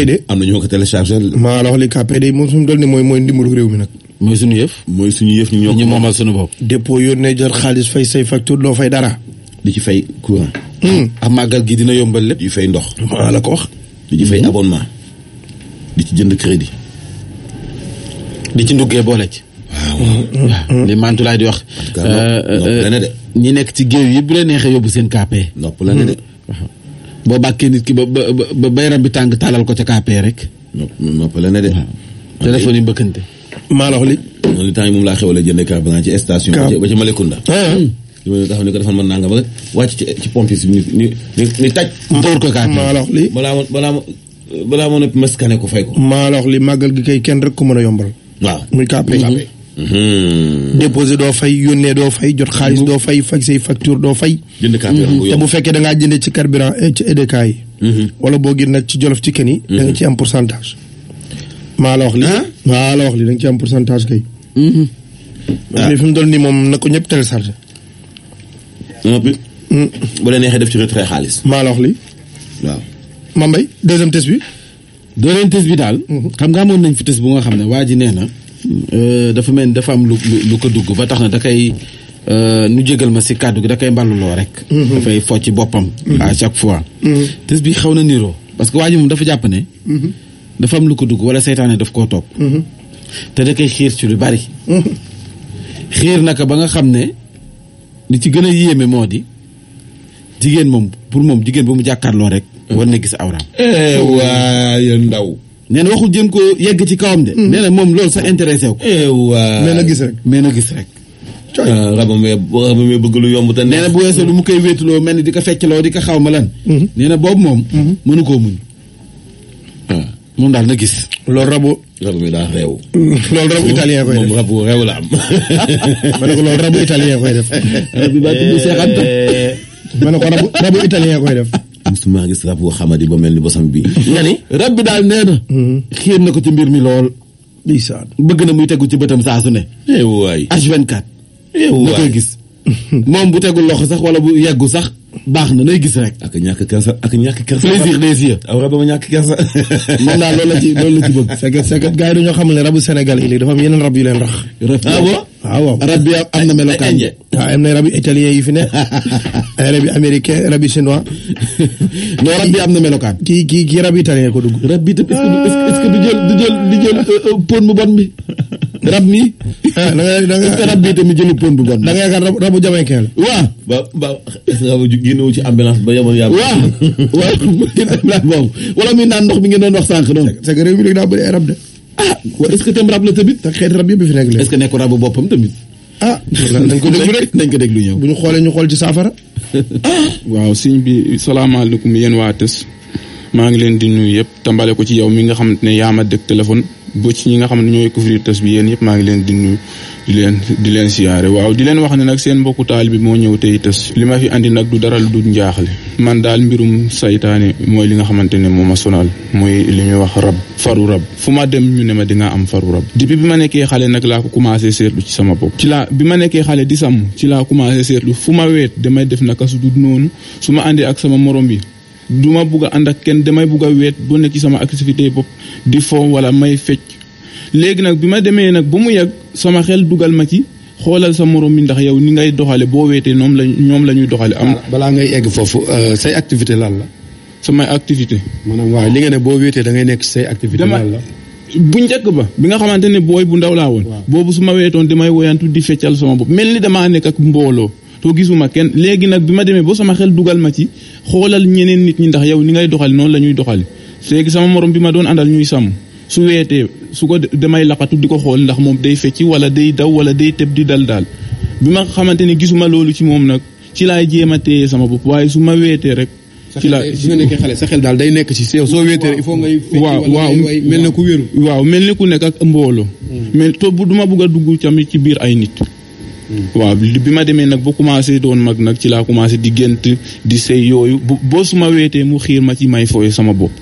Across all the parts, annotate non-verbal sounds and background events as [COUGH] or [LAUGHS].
de am na ñoo ko téléchargé. maa la wax li KPD moom suñu doon ne mooy mooy ndimbalu réew mi nag. mooy suñu yëf. mooy suñu yëf ñu ñoo ñu moomal suñu bopp. dépôt yónnee jar xaalis fay say facture loo fay dara. di ci fay courant. Hmm. ak màggal gi dina yombal lépp. di fay ndox. maa la ko wax. di ci fay hmm. abonnement. di ci jënd crédit. di ci nduggee boole ci. waaw. Hmm, li di wax. Euh, euh, ñi nekk ci géew yi bu la neexee yóbbu seen KP. nopp la ne de. boo bàkkee nit ki ba ba ba yaram bi tàng taalal ko ca kaapee rek. noppale na de. waaw téléphone yi mbëkkante. maa la li. noonu moom laa xewale jënd kaap ba ci ci Malekunda. Ah. li ma taxaw ni ko defal mën naa nga ba wàcc ci ci pompe si ni ni ni taj. dóor li. balaa ma balaa ma balaa ma noppi ma scanné ko fay ko. maa la li màggal gi kay kenn rek ku mën a yomb rek waaw muy kaapee. Hmm. déposé doo fay yónnee doo fay jot xaalis hmm. doo fay faj say facture doo fay. jënd carburant hmm. te bu fekkee dangaa ngaa ci carburant eh, ci EDK yi. wala boo gis nag ci jolof ci kenn yi. da nga ci am pourcentage. maa la wax li ah? la wax li da ci am pourcentage kay. Ah. fi mu toll nii moom na ko ñëpp téléchargé. bu la neexee def ci retrait xaalis. maa li waaw. Mame Mbaye deuxième test bi. deuxième test bi daal. xam nga moom nañ fi test bu nga xam ne waa ji nee na. Euh, dafa mel ni dafa am lu ko dugg ba tax na da koy euh, nu jégal ma si kàddu gi da koy mballuloo rek. Mhm. dafay fo ci boppam. Mhm. à chaque fois. tes mhm. bi xaw na niroo parce que waa moom dafa jàpp ne. dafa am lu ko dugg wala seytaane daf koo topp. te da koy xiir ci lu bari. xiir naka ba nga xam ne li ci gën a yéeme moo di jigéen moom pour moom jigéen ba mu jàkkaarloo rek. war na gis awraam. Eh, waa ndaw. nee na jën jëm ko yegg ci kawam de. Mm. nee moom loolu sax intéressé wu. Eh, waaw na gis rek mais na gis rek. coy rabam ah, rabam yomb te nee na lu mu koy wéetuloo mel ni di ko feccloo di ka xaw ma lan. Mm-hmm. nee na boobu moom. Mm-hmm. mënu koo muñ. waaw ah. daal na gis. loolu rabu. rab bi loolu rabu italien koy def moom rabu réew la am. [LAUGHS] ko loolu rabu italien koy def. rab bi eh. ko rabu rabu italien koy def. gis maa gis rab boo xamadi ba mel ni bosam bi nga ni rab daal nee na xéen na ko ci mbir mi lool ndeysaan bëgg na muy tegu ci bëtam saa su ne eh waay H24 eh na koy gis moom bu tegul loxo sax wala bu yeggu sax baax na nay gis rek ak ñàkk kersa ak ñàkk kersa plaisir des yeux ñàkk kersa [LAUGHS] moom daal loolu la ci loolu la ci bëgg c'est c'est ne rabu Sénégal yi léegi dafa am yeneen rab yu leen rax ah ah rab bi am na melokaan waaw am na rabi italien yi fi ne ay [LAUGHS] rabi américain rabi chinois [LAUGHS] non rab bi am na melokaan. kii kii kii rabi italien ko dugg. rab bi tam est jël du jël du jël euh, euh, pon bu bon bi rab mi. [LAUGHS] ah da rab bi tamit jëlu pon bu bon. da nga yaakaar rabu rabu jamaïcain la. waaw. ba ba est-ce que rabu génnewu ba yemoon yaa. waaw waaw génn ambulance boobu wala wax sànq noonu. c'est que réew rab de. ah est rab la tamit. fi nekk léegi. nekk rabu boppam tamit. ah nañ ko déglu rek ko déglu ñëw bu ñu xoolee ñu xool ci saafara ah. waaw sëñ bi salaamaaleykum yéen waa tës maa ngi leen di nuyu yëpp tambale ko ci yow mi nga xam ne yaa ma dégg téléphone ba ci ñi nga xam ne ñoo couvrir tas bi yéen yëpp maa ngi leen di nuyu di leen di leen siyaare waaw di leen wax ne nag seen mbokku taal bi moo ñëw tey tas li ma fi andi nag du dara du njaaxle man daal mbirum saytaane mooy li nga xamante ne moom ma sonal mooy li muy wax rab faru rab fu ma dem ñu ne ma di nga am faru rab depuis bi ma nekkee xale nag laa ko commencé seetlu ci sama bopp ci laa bi ma nekkee xale di sàmm ci laa commencé seetlu fu ma weet damay def naka su dul noonu su ma àndee ak sama morom bi du ma bugg a ànd ak kenn damay bugg a weet bu nekk ci sama activité bopp di fo wala may fecc léegi nag bi ma demee nag ba mu yàgg sama xel dugal ma ci xoolal sa morom mi ndax yow ni ngay doxale boo weetee ñoom la ñoom la ñuy doxale am balaa ngay egg foofu euh, say activité lan la samay activité maanaam waaw li nga ne boo weetee da ngay nekk say activité lan la bu njëkk ba bi nga xamante ne booy bu ndaw laa woon boobu su ma weetoon damay woyantu di feccal sama bopp mel ni damaa ak mbooloo to gisuma kenn léegi nag bi ma demee ba sama xel dugal ma ci xoolal ñeneen nit ñi ndax yow ni ngay doxali noonu la ñuy doxali léegi sama morom bi ma doon àndal ñuy sàmm su weetee su ko damay laqatu di ko xool ndax moom day fecci wala day daw wala day tëb di dal daal bi ma xamante ne gisuma loolu ci moom nag ci laay jéem a téye sama bopp waaye su ma weetee rek ci la su nga nekkee xale sa xel daal day nekk ci sew soo wéetee il faut ngay waaw waaw mel na ku wéru waaw mel ni ku nek ak mbooloo hmm. mais to ay nit waaw bi ma demee nag ba commencé doon mag nag ci laa commencé di gént di sëy yooyu boo su ma weetee mu xiir ma ci may fooy sama bopp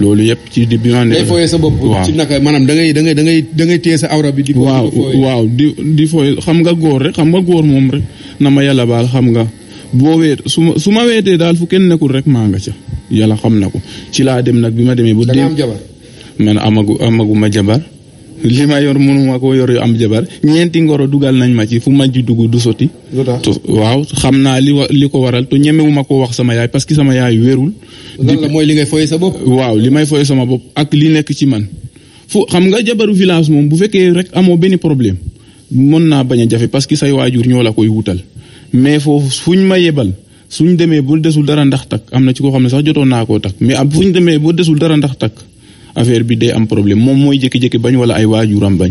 loolu yëpp ci di bi ma sa bopp. waaw ci maanaam da ngay da ngay da ngay da bi. di ko waaw di di fooyee xam nga góor rek xam nga góor moom rek na ma yàlla baal xam nga boo weet su ma su ma weetee daal fu kenn nekkul rek maa nga ca yàlla xam na ko ci laa dem nag bi ma demee. bu dee am jabar. man amagu amagu ma jabar li ma yor mënuma koo yor yu am jabar ñeenti ngoro dugal nañ ma ci fu ma ji dugg du soti waaw xam naa li wa li ko waral te ñemewuma koo wax sama yaay parce que sama yaay wérul lan la mooy li ngay foye sa bopp waaw li may foye sama bopp ak li nekk ci man fu xam nga jabaru village moom bu fekkee rek amoo benn problème mën naa bañ a jafe parce que say waajur ñoo la koy wutal mais foofu fuñ ma yebal su ñu demee bu desul dara ndax takk am na ci koo xam ne sax jotoon naa koo takk mais ab ñu demee boo desul dara ndax takk affaire bi day am problème moom mooy jékki-jékki bañ wala ay waajuram bañ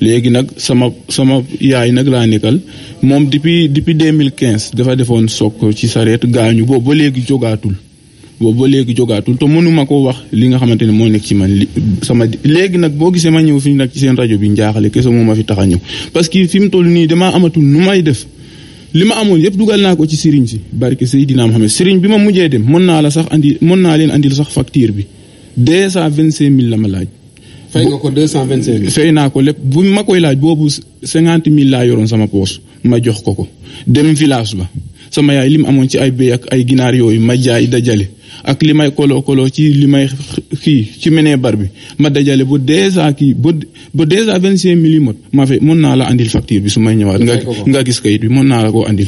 léegi nag sama sama yaay nag laa nekkal moom depuis mille 2015 dafa defoon soog ci sareet gaañu boobu ba léegi jogaatul boobu léegi jogaatul te mënuma koo wax li nga xamante ne moo nekk ci man li sama léegi nag boo gisee ma ñëw fii nag ci seen rajo bi njaaxale kese moom a fi tax a ñëw parce que fi mu toll nii damaa amatul nu may def li ma amoon yëpp dugal naa ko ci sëriñ si barke Seydina Muhammad sëriñ bi ma mujjee dem mën naa la sax andi mën naa leen andil sax facture bi deux cent vingt cinq mille la ma laaj. fay nga ko deux cent vingt cinq mille. fay naa ko lépp bu ma koy laaj boobu cinquante mille laa yoroon sama poos ma jox ko ko dem village ba sama yaay li mu amoon ci ay béy ak ay ginaar yooyu ma jaay dajale. ak li may koloo koloo ci li may kii ci menee bar bi ma dajale ba dèjà kii ba ba dèjà vingt cinq millimètres ma fay mën naa la andil facture bi su may ñëwaat nga nga gis kayit bi mën naa la koo andil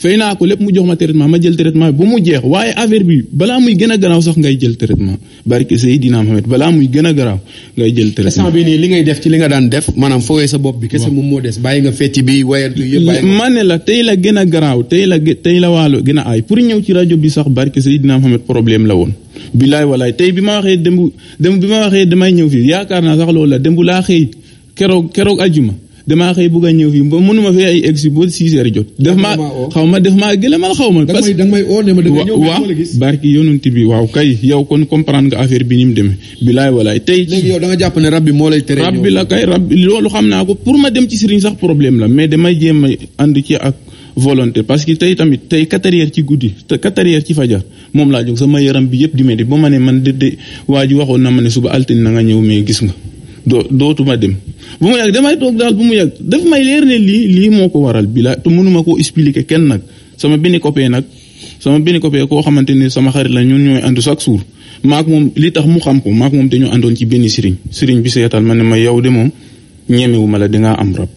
fay naa ko lépp mu jox ma traitement ma ma jël traitement bi ba mu jeex waaye affaire bi balaa muy gën a gannaaw sax ngay jël traitement barke Seydina Mohamed balaa muy gën a garaaw ngay jël traitement bi nii li ngay def ci li nga daan def maanaam foogee sa bopp bi kese moom moo des bàyyi nga fecc bi wayantu yëpp ma ne la tey la gën a garaaw tey la tey la waalo gën a aay pour ñëw ci rajo bi sax barke Seydina Mohamed problème la woon bilaay walaay tey bi ma waxee démb démb bi ma waxee damay ñëw fii yaakaar naa sax loolu la démb laa xëy keroog keroog ajuma damaa xëy bugg a ñëw fii ba mënuma fee ay egsi ba six heures jot. def ma xaw ma maa gëlëmal xaw ma. parce que da ma da nga ñëw waaw barki yonent bi waaw kay yow kon comprendre nga affaire bi ni mu demee. bilaay walaay tey. léegi yow da nga jàpp ne rab bi moo lay tere. rab bi la loolu xam naa ko pour ma dem ci sëriñ sax problème la mais damay jéem a ànd ci ak. volonté parce que tey tamit tey quatre ci guddi te quatre ci fajar moom laa jóg sama yaram bi yëpp di metti ba ma ne man de de waa ji waxoon na ma ne suba altine na ñëw mais gis nga. doo dootuma dem bu mu yàgg damay toog daal bu mu yàgg dafa may leer ne lii lii moo ko waral bila te mënuma koo expliquer kenn nag sama benn copain nag sama benn copain koo xamante ne sama xarit la ñun ñooy ànd chaque jour maak moom li tax mu xam ko maak moom dañoo àndoon ci benn sëriñ sëriñ bi seetal ma ne ma yow de moom ñemewu la dangaa am rab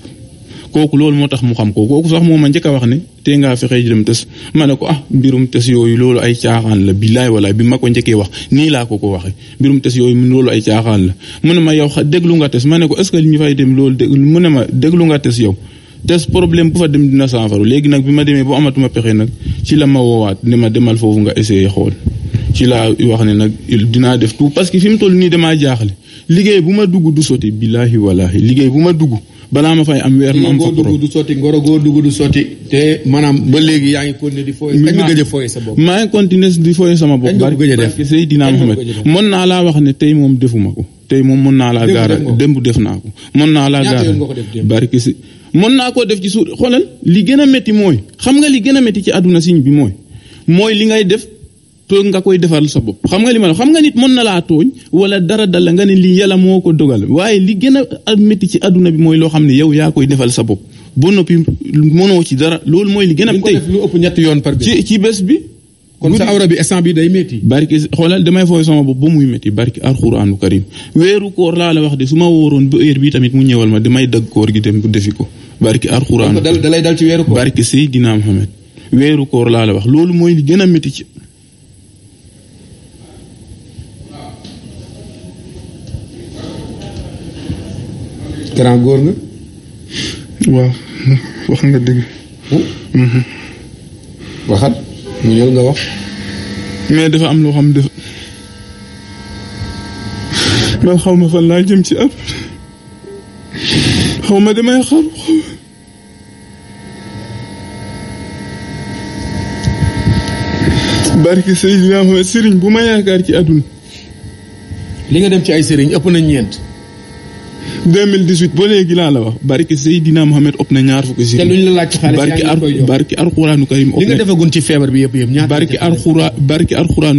kooku loolu moo tax mu xam ko kooku sax moo ma njëkk a wax ne tee ngaa fexe dem tës ma ko ah mbirum tës yooyu loolu ay caaxaan la billaay walaay bi ma ko njëkkee wax ni laa ko ko waxee mbirum tës yooyu loolu ay caaxaan la mu ne ma yow déglu nga tës ma ne ko que ñu fay dem loolu déglu mu ne ma déglu nga tës yow tës bu fa dem dina saafaru léegi nag bi ma demee ba amatuma pexe nag ci la ma woowaat ne ma demal foofu nga essayé xool ci laa wax ne nag dinaa def tout parce que fi mu toll nii damaa jaaxle liggéey bu ma dugg du sotti billaahi walaahi liggéey bu ma dugg balaa ma fay am weer ma am fa pro yaa ngi continuer di fooye nga gëj sa bopp maa ngi continuer di fooye sama bopp bari gëj a def Seydina Muhammad mën naa laa wax ne tey moom defuma ko tey moom mën naa laa gaara démb def naa ko mën naa laa gaara barki si mën naa koo def ci suuf xoolal li gën a métti mooy xam nga li gën a métti ci àdduna siñ bi mooy mooy li ngay def tooñ nga koy defal sa bopp xam nga li ma ne xam nga nit mën na laa tooñ wala dara dal la nga ne lii yala moo ko dogal waaye li gën a métti ci àdduna bi mooy loo xam ne yow yaa koy defal sa bopp ba noppi mënoo ci dara loolu mooy li gën a tey ëpp ñetti yoon par ci ci bés bi. kon sa awra bi day métti. barki xoolal damay fooy sama bopp ba muy métti barki alxuraanu karim weeru koor laa wax de su ma wóoroon ba heure bi tamit mu ñëwal ma damay dagg koor gi dem defi ko barki alxuraanu. da lay dal ci weeru koor barki Seydina Mohamed weeru koor laa la wax loolu mooy li gën a métti ci grand góor nga. waaw wax nga dëgg. Mhm. waxat mu ñëw nga wax. mais dafa am loo xam ne dafa xaw ma fan laa jëm ci at xaw ma damay xaru barki Seydina Muhammad sëriñ bu ma yaakaar ci àdduna li nga dem ci ay sëriñ ëpp na ñeent 2018 ba léegi laa la wax barke Seydina Mohamed op na ñaar fukki si. te luñ la laaj ci xaalis yaa ngi koy jox barke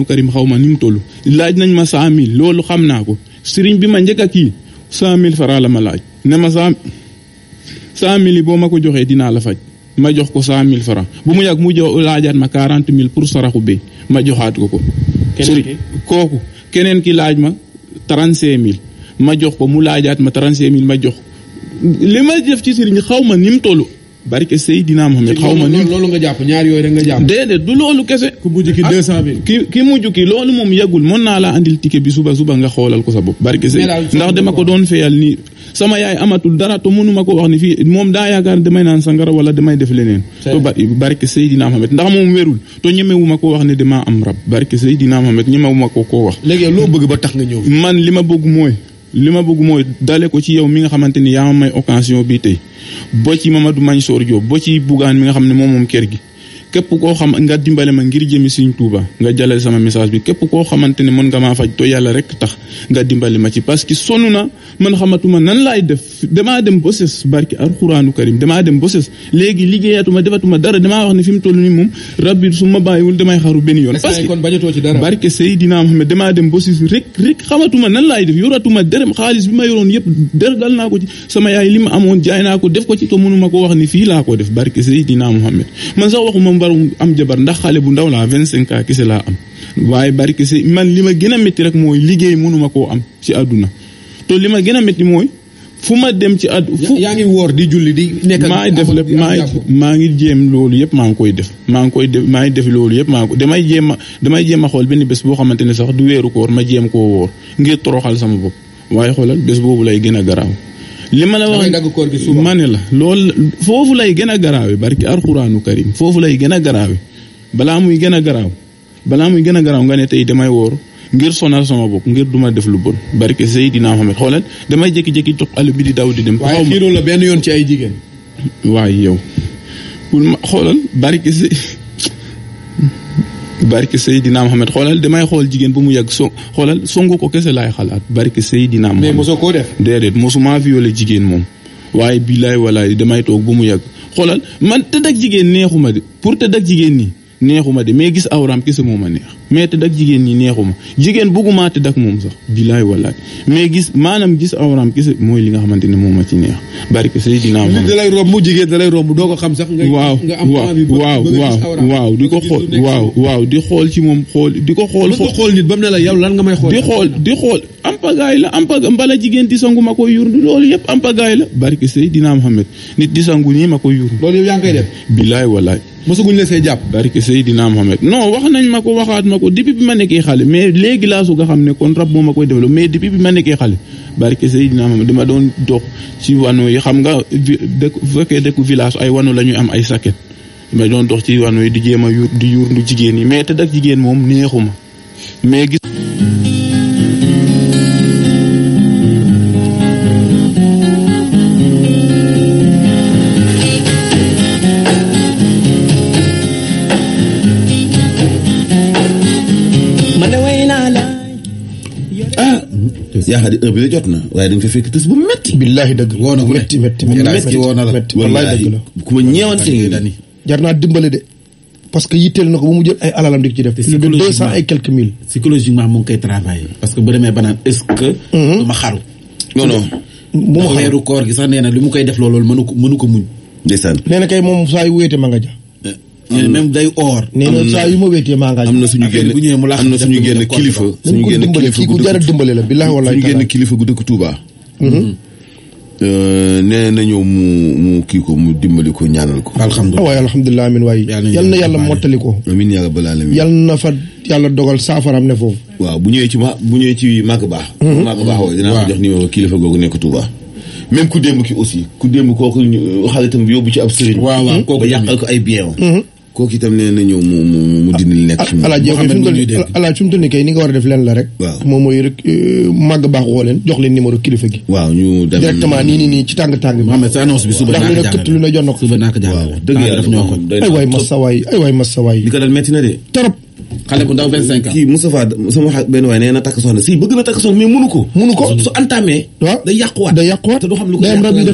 bi ma ni mu toll. laaj nañ ma 100000 loolu xam naa ko sëriñ bi ma njëkk a kii 100000 faraa la ma laaj ne ma 100 100000 yi boo ma ko joxee dinaa la faj. ma jox ko cent mille francs bu mu yàgg mu jox laajaat ma quarante mille pour saraxu bi ma joxaat ko ko. keneen kooku keneen ki laaj ma trente cinq mille. ma jox ko mu laajaat ma 35000 ma jox li ma def ci sëriñ xaw ma ni mu toll. barke Seydina Mohamed xaw ma ni loolu nga jàpp ñaar yooyu rek nga jàpp. déedéet du loolu kese. ku mujj ki 200000. Ah, ki ki mujj moom yàggul mën naa laa andil ticket bi suba suba nga xoolal ko sa bopp. barke Sey ndax dama ko doon feyal nii. sama amatul dara to mënu ko wax fii moom daa yaakaar damay naan sangara wala damay def leneen. to barke Seydina Mohamed ndax moom wérul to ñemewu ko wax ne damaa am rab. barke Seydina Mohamed ñemewu ma ko koo wax. léegi loo bëgg ba tax nga ñëw. man li ma bëgg mooy. li ma bëgg mooy dale ko ci yow mi nga xamante ni yaa ma may occasion bi tey boo ci mañ Mansour Diop boo ci Bougane mi nga xam ne moom moom kër gi képp koo xam nga dimbale ma ngir jëmi Sëriñ Tuuba nga jàllale sama message bi képp koo xamante ne mën nga maa faj to yàlla rek tax nga dimbale ma ci parce que sonn na man xamatuma nan laay def damaa dem boses barki alxuraanu karim damaa dem boses léegi liggéeyatuma defatuma dara damaa wax ne fi mu toll nii moom rabbi su ma bàyyiwul damay xaru benn yoon parce que barke Seydina Muhammad damaa dem boses rek rek xamatuma nan laay def yoratuma dërëm xaalis bi ma yoroon yëpp dër dal naa ko ci sama yaay li ma amoon jaay naa ko def ko ci to mënuma ko wax ni fii laa ko def barke Seydina Muhammad man sax waxuma jabar am jabar ndax xale bu ndaw laa vingt cinq ans kese laa am waaye bari kese man li ma gën a métti rek mooy liggéey mënuma koo am ci àdduna te li ma gën a métti mooy fu ma dem ci àddu fu yaa ngi woor di julli di nekk maay def lépp maay maa ngi jéem loolu yëpp maa ngi koy def maa ngi koy def maa ngi def loolu yëpp maa ngi ko damay jéem a damay jéem a xool benn bés boo xamante ne sax du weeru koor ma jéem koo woor ngir toroxal sama bopp waaye xoolal bés boobu lay gën a garaaw li ma la wax ma ne la lool foofu lay gën a garaawe barki alxuraanu karim foofu lay gën a garaawe balaa muy gën a garaaw balaa muy gën a garaaw nga ne tey damay woor ngir sonal sama bopp ngir duma def lu bon barki Seydina Muhammad xoolal damay jékki-jékki topp àll bi di daw di dem. waaye xiiroo la benn yoon ci ay jigéen. waaye yow xoolal barki si. barke Seydina Mohamed xoolal damay xool jigéen bu mu yàgg so xoolal songu ko kese laay xalaat barke Seydina Mohamed. mais mosoo koo def. déedéet mosuma violé jigéen moom waaye billaay walaay damay toog bu mu yàgg xoolal man tëdd ak jigéen neexuma de pour tëdd ak jigéen nii neexuma de mais gis awraam kese moo ma neex. mais tëdd ak jigéen ñi neexuma jigéen bëgguma tëdd ak moom sax bilaay wallaay mais gis maanaam gis awraam kese mooy li nga xamante ne moom ma ci neex barke Seydina Muhammad da lay romb jigéen da lay romb doo ko xam sax waaw waaw waaw waaw di ko xool waaw waaw di xool ci moom xool di ko xool fo xool nit ba mu ne la nga may xool di xool di xool ampagaay la ampaga mbala jigéen di sangu ma koy yurndu loolu yëpp ampagaay la barke Seydina Muhammad nit di sangu nii ma koy yurndu loolu yow yaa ngi koy def bilaay wallaay mosuguñ la see jàpp barke Seydina Muhammad non wax nañ ma ko waxaat na ko depuis bi ma nekkee xale mais léegi laa soog a xam ne kon rab moo ma koy développé mais depuis bi ma nekkee xale barke Seydina Muhammad dama doon dox ci wano yi xam nga dëkk bu fekkee dëkku village ay wano la ñuy am ay saket mais doon dox ci wano yi di jéem a yuur di yuur ndu jigéen yi mais te dak jigéen moom neexuma mais gis ma ne ah. yaakaar ni heure jot na waaye dañ fekk tës bu métti. billaahi dëgg woo na ko métti métti métti la wallaahi dëgg la ku ma ñeewantee nga jar naa dimbale de parce que yitteel na ko ba mu jël ay alalam di ci def. plus de deux cent et quelques mille. psychologiquement mu ngi koy travailler. parce que bu demee ba naan est-ce mm-hmm. xaru. non non. bu ma gi sax nee na li mu koy def loolu mënu ko mënu ko muñ. ndeysaan nee na kay moom saa yu wéete ma nga ja. nee même day or. nee na saa yu ma wéetee maa ngaa am na suñu génn bu ñëwee mu laax na suñu génn kilifa. suñu génn kilifa gu jar a dimbale la billahi wallahi suñu génn kilifa gu dëkk Touba. Mhm. Euh, nee na ñëw mu kii ko mu dimbali ko ñaanal ko. alhamdulilah oh, waaye alhamdulilah amiin waaye. yal na yàlla mottali ko. amiin yàlla balaa amiin. yal na fa yàlla dogal saafaraam ne foofu. waaw bu ñëwee ci ma bu ñëwee ci màgg baax. Mhm. màgg baax woowu dinaa ko jox numéro kilifa nekk Touba. même ku démb ki aussi ku démb kooku euh, xaritam bi yóbbu ci ab sëriñ. waaw waaw kooku yàqal ay bien. Mhm. kooku itam nee na ñëw mu mu mu dindi nekk. alaaj yow fi mu toll alaaj fi mu toll nii kay ni nga war a def leen la rek. waaw moom mooy rek euh, màgg baax woo leen jox leen numéro kilifa gi. waaw ñu dem directement nii nii nii ci tàng tàng bi. Mouhamed sa annonce bi suba naa ko jàngale ndax lu ne këtt lu ne jot na ko. suba naa ko jàngale waaw dëgg yàlla daf ñoo ko. ay waay massa waay ay waay massa waay. li ko dal metti na de. trop. xale bu ndaw 25 ans kii Moustapha sama benn waay nee na si bëgg na takk soxna mais mënu ko mënu ko su antamee waaw day yàquwaat day yàquwaat te du xam lu ko rab yi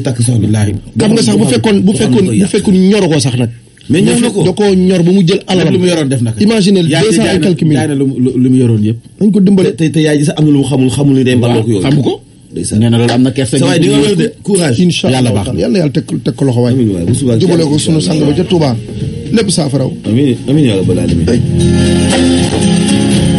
def nga sax bu fekkoon bu fekkoon bu fekkoon ñoru ko sax nag mais ñor na ko da koo ñor mu jël alalam lu mu yoroon def na ko imagine deux cent lu mu yoroon yëpp dañ ko dimbale te yaay ji sax am na lu mu xamul xamul ni day mbaloo yooyu ko nee na loolu am na kersa. saa di nga de courage. incha allah yàlla baax na yàlla yàlla teg teg ko loxo waay. jubale ko sunu sang ba ca Touba lépp saafaraw. amiin amiin yaa rabbal alamin